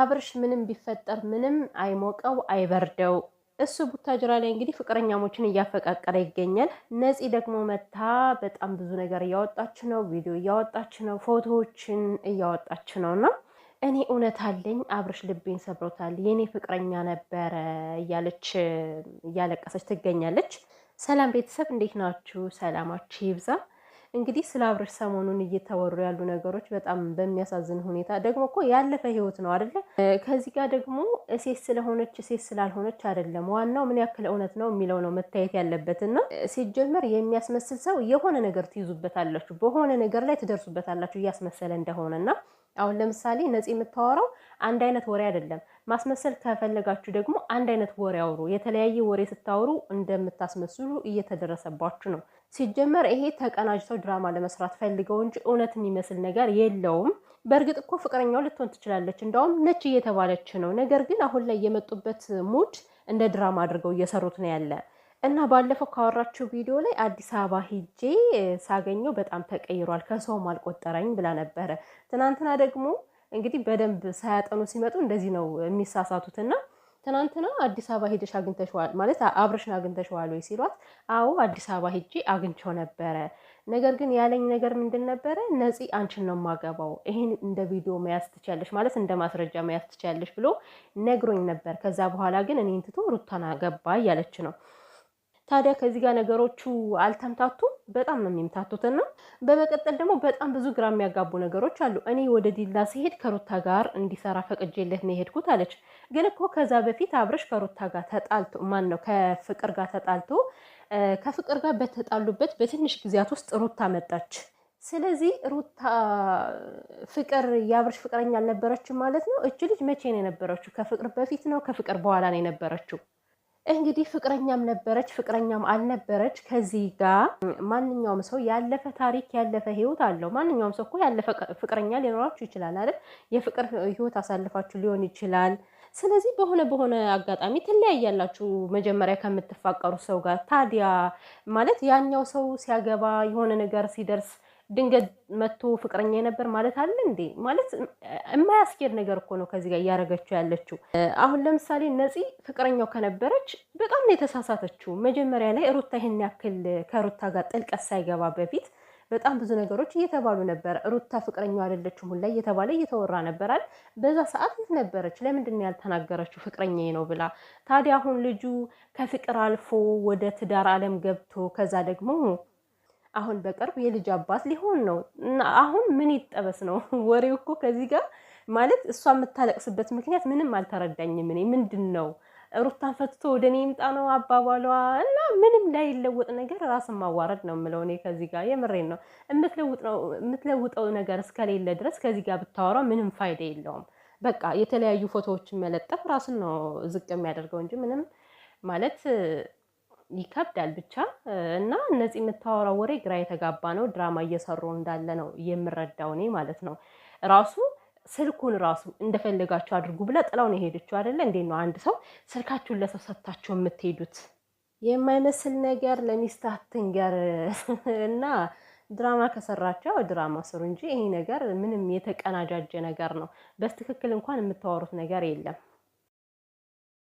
አብርሽ ምንም ቢፈጠር ምንም አይሞቀው አይበርደው። እሱ ቡታጅራ ላይ እንግዲህ ፍቅረኛሞችን እያፈቃቀረ ይገኛል። ነፂ ደግሞ መታ በጣም ብዙ ነገር እያወጣች ነው፣ ቪዲዮ እያወጣች ነው፣ ፎቶዎችን እያወጣች ነው እና እኔ እውነት አለኝ አብርሽ ልቤን ሰብሮታል፣ የእኔ ፍቅረኛ ነበረ እያለች እያለቀሰች ትገኛለች። ሰላም ቤተሰብ እንዴት ናችሁ? ሰላማችሁ ይብዛ። እንግዲህ ስለ አብርሽ ሰሞኑን እየተወሩ ያሉ ነገሮች በጣም በሚያሳዝን ሁኔታ ደግሞ እኮ ያለፈ ህይወት ነው አደለ? ከዚህ ጋር ደግሞ ሴት ስለሆነች ሴት ስላልሆነች አደለም፣ ዋናው ምን ያክል እውነት ነው የሚለው ነው መታየት ያለበት። እና ሲጀመር የሚያስመስል ሰው የሆነ ነገር ትይዙበታላችሁ፣ በሆነ ነገር ላይ ትደርሱበታላችሁ እያስመሰለ እንደሆነ እና አሁን ለምሳሌ ነፂ የምታወራው አንድ አይነት ወሬ አይደለም። ማስመሰል ከፈለጋችሁ ደግሞ አንድ አይነት ወሬ አውሩ። የተለያየ ወሬ ስታወሩ እንደምታስመስሉ እየተደረሰባችሁ ነው። ሲጀመር ይሄ ተቀናጅተው ድራማ ለመስራት ፈልገው እንጂ እውነት የሚመስል ነገር የለውም። በእርግጥ እኮ ፍቅረኛው ልትሆን ትችላለች፣ እንዳውም ነች እየተባለች ነው። ነገር ግን አሁን ላይ የመጡበት ሙድ እንደ ድራማ አድርገው እየሰሩት ነው ያለ እና ባለፈው ካወራችው ቪዲዮ ላይ አዲስ አበባ ሂጄ ሳገኘው በጣም ተቀይሯል፣ ከሰውም አልቆጠረኝ ብላ ነበረ። ትናንትና ደግሞ እንግዲህ በደንብ ሳያጠኑ ሲመጡ እንደዚህ ነው የሚሳሳቱት። እና ትናንትና አዲስ አበባ ሄደሽ አግኝተሽዋል ማለት አብረሽን አግኝተሽዋል ወይ ሲሏት፣ አዎ አዲስ አበባ ሄጄ አግኝቸው ነበረ። ነገር ግን ያለኝ ነገር ምንድን ነበረ፣ ነፂ አንቺን ነው የማገባው፣ ይሄን እንደ ቪዲዮ መያዝ ትችያለሽ፣ ማለት እንደ ማስረጃ መያዝ ትችያለሽ ብሎ ነግሮኝ ነበር። ከዛ በኋላ ግን እኔን ትቶ ሩታን አገባ እያለች ነው ታዲያ ከዚህ ጋር ነገሮቹ አልተምታቱም፣ በጣም ነው የሚምታቱትና በመቀጠል ደግሞ በጣም ብዙ ግራ የሚያጋቡ ነገሮች አሉ። እኔ ወደ ዲላ ሲሄድ ከሩታ ጋር እንዲሰራ ፈቅጄለት ነው የሄድኩት አለች። ግን እኮ ከዛ በፊት አብረሽ ከሩታ ጋር ተጣልቶ ማን ነው ከፍቅር ጋር ተጣልቶ ከፍቅር ጋር በተጣሉበት በትንሽ ጊዜያት ውስጥ ሩታ መጣች። ስለዚህ ሩታ ፍቅር የአብርሽ ፍቅረኛ አልነበረችም ማለት ነው። እች ልጅ መቼ ነው የነበረችው? ከፍቅር በፊት ነው ከፍቅር በኋላ ነው የነበረችው? እንግዲህ ፍቅረኛም ነበረች ፍቅረኛም አልነበረች፣ ከዚህ ጋር ማንኛውም ሰው ያለፈ ታሪክ ያለፈ ህይወት አለው። ማንኛውም ሰው እኮ ያለፈ ፍቅረኛ ሊኖራችሁ ይችላል አይደል? የፍቅር ህይወት አሳልፋችሁ ሊሆን ይችላል። ስለዚህ በሆነ በሆነ አጋጣሚ ትለያያላችሁ፣ መጀመሪያ ከምትፋቀሩ ሰው ጋር። ታዲያ ማለት ያኛው ሰው ሲያገባ የሆነ ነገር ሲደርስ ድንገት መቶ ፍቅረኛ የነበር ማለት አለ እንዴ? ማለት የማያስኬድ ነገር እኮ ነው ከዚህ ጋር እያደረገችው ያለችው። አሁን ለምሳሌ ነፂ ፍቅረኛው ከነበረች በጣም ነው የተሳሳተችው። መጀመሪያ ላይ ሩታ ይህን ያክል ከሩታ ጋር ጥልቀት ሳይገባ በፊት በጣም ብዙ ነገሮች እየተባሉ ነበር። ሩታ ፍቅረኛው አይደለችም ሁላ እየተባለ እየተወራ ነበራል። በዛ ሰዓት የት ነበረች? ለምንድን ያልተናገረችው ፍቅረኛ ነው ብላ? ታዲያ አሁን ልጁ ከፍቅር አልፎ ወደ ትዳር አለም ገብቶ ከዛ ደግሞ አሁን በቅርብ የልጅ አባት ሊሆን ነው። አሁን ምን ይጠበስ ነው ወሬው እኮ ከዚህ ጋር ማለት እሷ የምታለቅስበት ምክንያት ምንም አልተረዳኝም። እኔ ምንድን ነው ሩታን ፈትቶ ወደ እኔ ይምጣ ነው አባባሏ እና ምንም ላይለወጥ ነገር ራስን ማዋረድ ነው የምለው እኔ ከዚህ ጋር የምሬን ነው። የምትለውጠው ነገር እስከሌለ ድረስ ከዚህ ጋር ብታወራ ምንም ፋይዳ የለውም። በቃ የተለያዩ ፎቶዎችን መለጠፍ ራስን ነው ዝቅ የሚያደርገው እንጂ ምንም ማለት ይከብዳል ብቻ እና እነዚህ የምታወራው ወሬ ግራ የተጋባ ነው። ድራማ እየሰሩ እንዳለ ነው የምረዳው እኔ ማለት ነው። ራሱ ስልኩን ራሱ እንደፈለጋችሁ አድርጉ ብላ ጥላውን የሄደችው አይደለ? እንዴት ነው አንድ ሰው ስልካችሁን ለሰው ሰጥታችሁ የምትሄዱት? የማይመስል ነገር ለሚስትህ አትንገር እና ድራማ ከሰራቸው ድራማ ስሩ እንጂ ይሄ ነገር ምንም የተቀናጃጀ ነገር ነው። በስትክክል እንኳን የምታወሩት ነገር የለም።